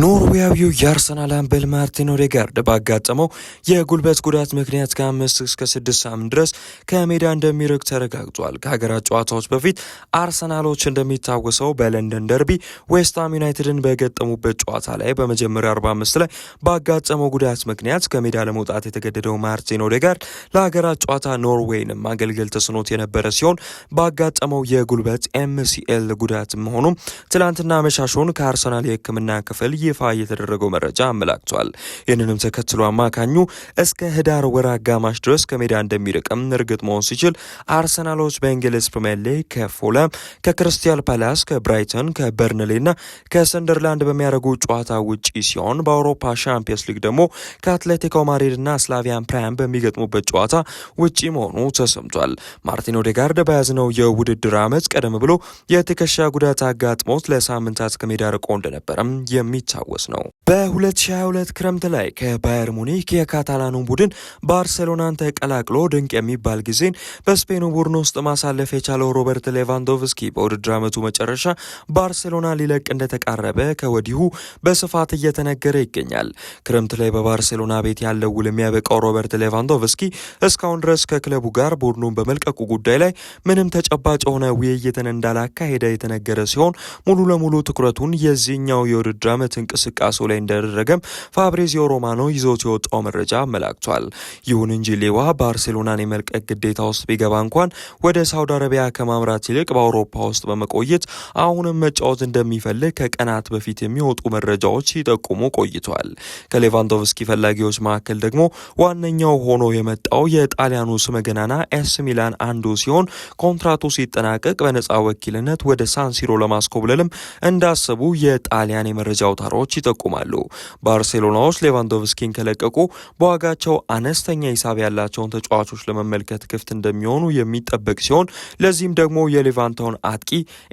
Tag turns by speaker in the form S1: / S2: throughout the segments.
S1: ኖርዌያዊው የአርሰናል አምበል ማርቲን ኦዴጋርድ ባጋጠመው የጉልበት ጉዳት ምክንያት ከአምስት እስከ ስድስት ሳምንት ድረስ ከሜዳ እንደሚርቅ ተረጋግጧል። ከሀገራት ጨዋታዎች በፊት አርሰናሎች እንደሚታወሰው በለንደን ደርቢ ዌስትሃም ዩናይትድን በገጠሙበት ጨዋታ ላይ በመጀመሪያ 45 ላይ ባጋጠመው ጉዳት ምክንያት ከሜዳ ለመውጣት የተገደደው ማርቲን ኦዴጋርድ ለሀገራት ጨዋታ ኖርዌይንም አገልግል ተስኖት የነበረ ሲሆን ባጋጠመው የጉልበት ኤምሲኤል ጉዳት መሆኑም ትናንትና መሻሹን ከአርሰናል የሕክምና ክፍል ይፋ የተደረገው መረጃ አመላክቷል። ይህንንም ተከትሎ አማካኙ እስከ ህዳር ወር አጋማሽ ድረስ ከሜዳ እንደሚርቅም እርግጥ መሆን ሲችል አርሰናሎች በእንግሊዝ ፕሪምየር ሊግ ከፉልሃም፣ ከክሪስታል ፓላስ፣ ከብራይተን፣ ከበርንሌና ከሰንደርላንድ በሚያደርጉ ጨዋታ ውጪ ሲሆን በአውሮፓ ሻምፒየንስ ሊግ ደግሞ ከአትሌቲኮ ማድሪድና ስላቪያን ፕራም በሚገጥሙበት ጨዋታ ውጪ መሆኑ ተሰምቷል። ማርቲን ኦዴጋርድ በያዝነው የውድድር ዓመት ቀደም ብሎ የትከሻ ጉዳት አጋጥሞት ለሳምንታት ከሜዳ ርቆ እንደነበረም የሚ የሚታወስ ነው።
S2: በ2022 ክረምት ላይ ከባየር ሙኒክ የካታላኑ ቡድን ባርሴሎናን ተቀላቅሎ ድንቅ የሚባል ጊዜን በስፔኑ ቡድን ውስጥ ማሳለፍ የቻለው ሮበርት ሌቫንዶቭስኪ በውድድር ዓመቱ መጨረሻ ባርሴሎና ሊለቅ እንደተቃረበ ከወዲሁ በስፋት እየተነገረ ይገኛል። ክረምት ላይ በባርሴሎና ቤት ያለው ውል የሚያበቃው ሮበርት ሌቫንዶቭስኪ እስካሁን ድረስ ከክለቡ ጋር ቡድኑን በመልቀቁ ጉዳይ ላይ ምንም ተጨባጭ የሆነ ውይይትን እንዳላካሄደ የተነገረ ሲሆን ሙሉ ለሙሉ ትኩረቱን የዚህኛው የውድድር ዓመት እንቅስቃሴው ላይ እንደደረገም ፋብሬዚዮ ሮማኖ ይዞት የወጣው መረጃ አመላክቷል። ይሁን እንጂ ሌዋ ባርሴሎናን የመልቀቅ ግዴታ ውስጥ ቢገባ እንኳን ወደ ሳውዲ አረቢያ ከማምራት ይልቅ በአውሮፓ ውስጥ በመቆየት አሁንም መጫወት እንደሚፈልግ ከቀናት በፊት የሚወጡ መረጃዎች ሲጠቁሙ ቆይቷል። ከሌቫንዶቭስኪ ፈላጊዎች መካከል ደግሞ ዋነኛው ሆኖ የመጣው የጣሊያኑ ስመገናና ኤስ ሚላን አንዱ ሲሆን ኮንትራቱ ሲጠናቀቅ በነፃ ወኪልነት ወደ ሳንሲሮ ለማስኮብለልም እንዳሰቡ የጣሊያን የመረጃ አውታ ዳታዎች ይጠቁማሉ። ባርሴሎናዎች ሌቫንዶቭስኪን ከለቀቁ በዋጋቸው አነስተኛ ሂሳብ ያላቸውን ተጫዋቾች ለመመልከት ክፍት እንደሚሆኑ የሚጠበቅ ሲሆን ለዚህም ደግሞ የሌቫንታውን አጥቂ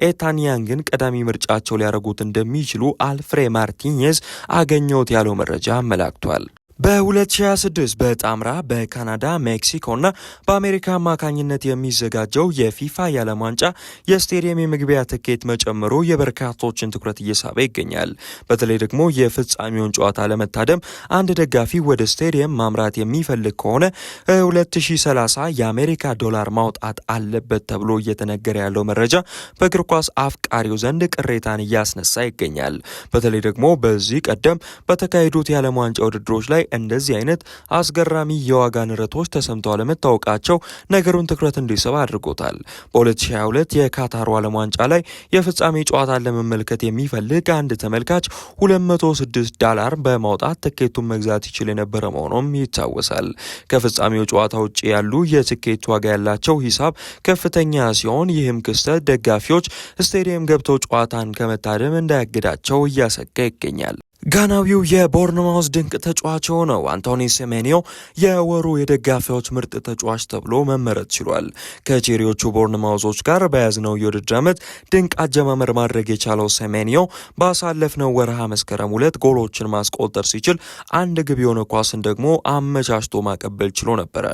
S2: ኤታንያንግን ቀዳሚ ምርጫቸው ሊያደርጉት እንደሚችሉ አልፍሬ ማርቲኔዝ አገኘሁት ያለው መረጃ አመላክቷል።
S3: በ2026 በጣምራ በካናዳ ሜክሲኮና በአሜሪካ አማካኝነት የሚዘጋጀው የፊፋ የዓለም ዋንጫ የስቴዲየም የመግቢያ ትኬት መጨመሩ የበርካቶችን ትኩረት እየሳበ ይገኛል። በተለይ ደግሞ የፍጻሜውን ጨዋታ ለመታደም አንድ ደጋፊ ወደ ስቴዲየም ማምራት የሚፈልግ ከሆነ 2030 የአሜሪካ ዶላር ማውጣት አለበት ተብሎ እየተነገረ ያለው መረጃ በእግር ኳስ አፍቃሪው ዘንድ ቅሬታን እያስነሳ ይገኛል። በተለይ ደግሞ በዚህ ቀደም በተካሄዱት የዓለም ዋንጫ ውድድሮች ላይ እንደዚህ አይነት አስገራሚ የዋጋ ንረቶች ተሰምተው አለመታወቃቸው ነገሩን ትኩረት እንዲስብ አድርጎታል። በ2022 የካታሩ ዓለም ዋንጫ ላይ የፍጻሜ ጨዋታን ለመመልከት የሚፈልግ አንድ ተመልካች 206 ዳላር በማውጣት ትኬቱን መግዛት ይችል የነበረ መሆኑም ይታወሳል። ከፍጻሜው ጨዋታ ውጭ ያሉ የትኬት ዋጋ ያላቸው ሂሳብ ከፍተኛ ሲሆን ይህም ክስተት ደጋፊዎች ስቴዲየም ገብተው ጨዋታን ከመታደም እንዳያግዳቸው እያሰጋ ይገኛል።
S4: ጋናዊው የቦርንማውዝ ድንቅ ተጫዋች የሆነው አንቶኒ ሴሜኒዮ የወሩ የደጋፊዎች ምርጥ ተጫዋች ተብሎ መመረጥ ችሏል። ከቼሪዎቹ ቦርንማውዞች ጋር በያዝነው የውድድር ዓመት ድንቅ አጀማመር ማድረግ የቻለው ሴሜኒዮ ባሳለፍነው ወርሃ መስከረም ሁለት ጎሎችን ማስቆጠር ሲችል አንድ ግብ የሆነ ኳስን ደግሞ አመቻችቶ ማቀበል ችሎ ነበረ።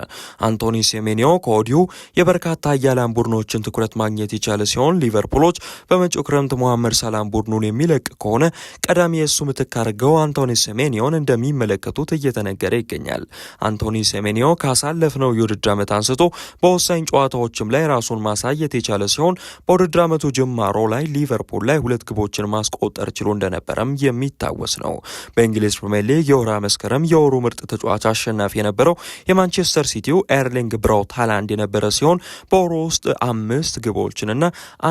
S4: አንቶኒ ሴሜኒዮ ከወዲሁ የበርካታ አያላን ቡድኖችን ትኩረት ማግኘት የቻለ ሲሆን ሊቨርፑሎች በመጪው ክረምት መሐመድ ሳላም ቡድኑን የሚለቅ ከሆነ ቀዳሚ የእሱ ምትካ አድርገው አንቶኒ ሴሜኒዮን እንደሚመለከቱት እየተነገረ ይገኛል። አንቶኒ ሴሜኒዮ ካሳለፍነው የውድድር ዓመት አንስቶ በወሳኝ ጨዋታዎችም ላይ ራሱን ማሳየት የቻለ ሲሆን በውድድር ዓመቱ ጅማሮ ላይ ሊቨርፑል ላይ ሁለት ግቦችን ማስቆጠር ችሎ እንደነበረም የሚታወስ ነው። በእንግሊዝ ፕሪምየር ሊግ የወርሃ መስከረም የወሩ ምርጥ ተጫዋች አሸናፊ የነበረው የማንቸስተር ሲቲው ኤርሊንግ ብራውት ሃላንድ የነበረ ሲሆን በወሩ ውስጥ አምስት ግቦችንና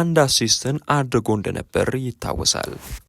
S4: አንድ አሲስትን አድርጎ እንደነበር ይታወሳል።